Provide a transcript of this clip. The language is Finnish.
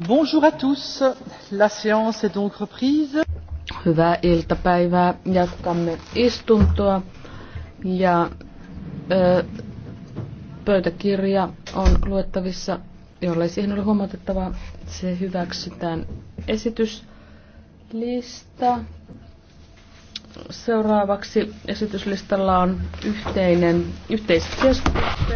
Bonjour à tous. La séance est donc reprise. Hyvää iltapäivää. Jatkamme istuntoa ja ö, pöytäkirja on luettavissa, jollei siihen ole huomautettava, Se hyväksytään esityslista. Seuraavaksi esityslistalla on yhteinen yhteiskeskustelu.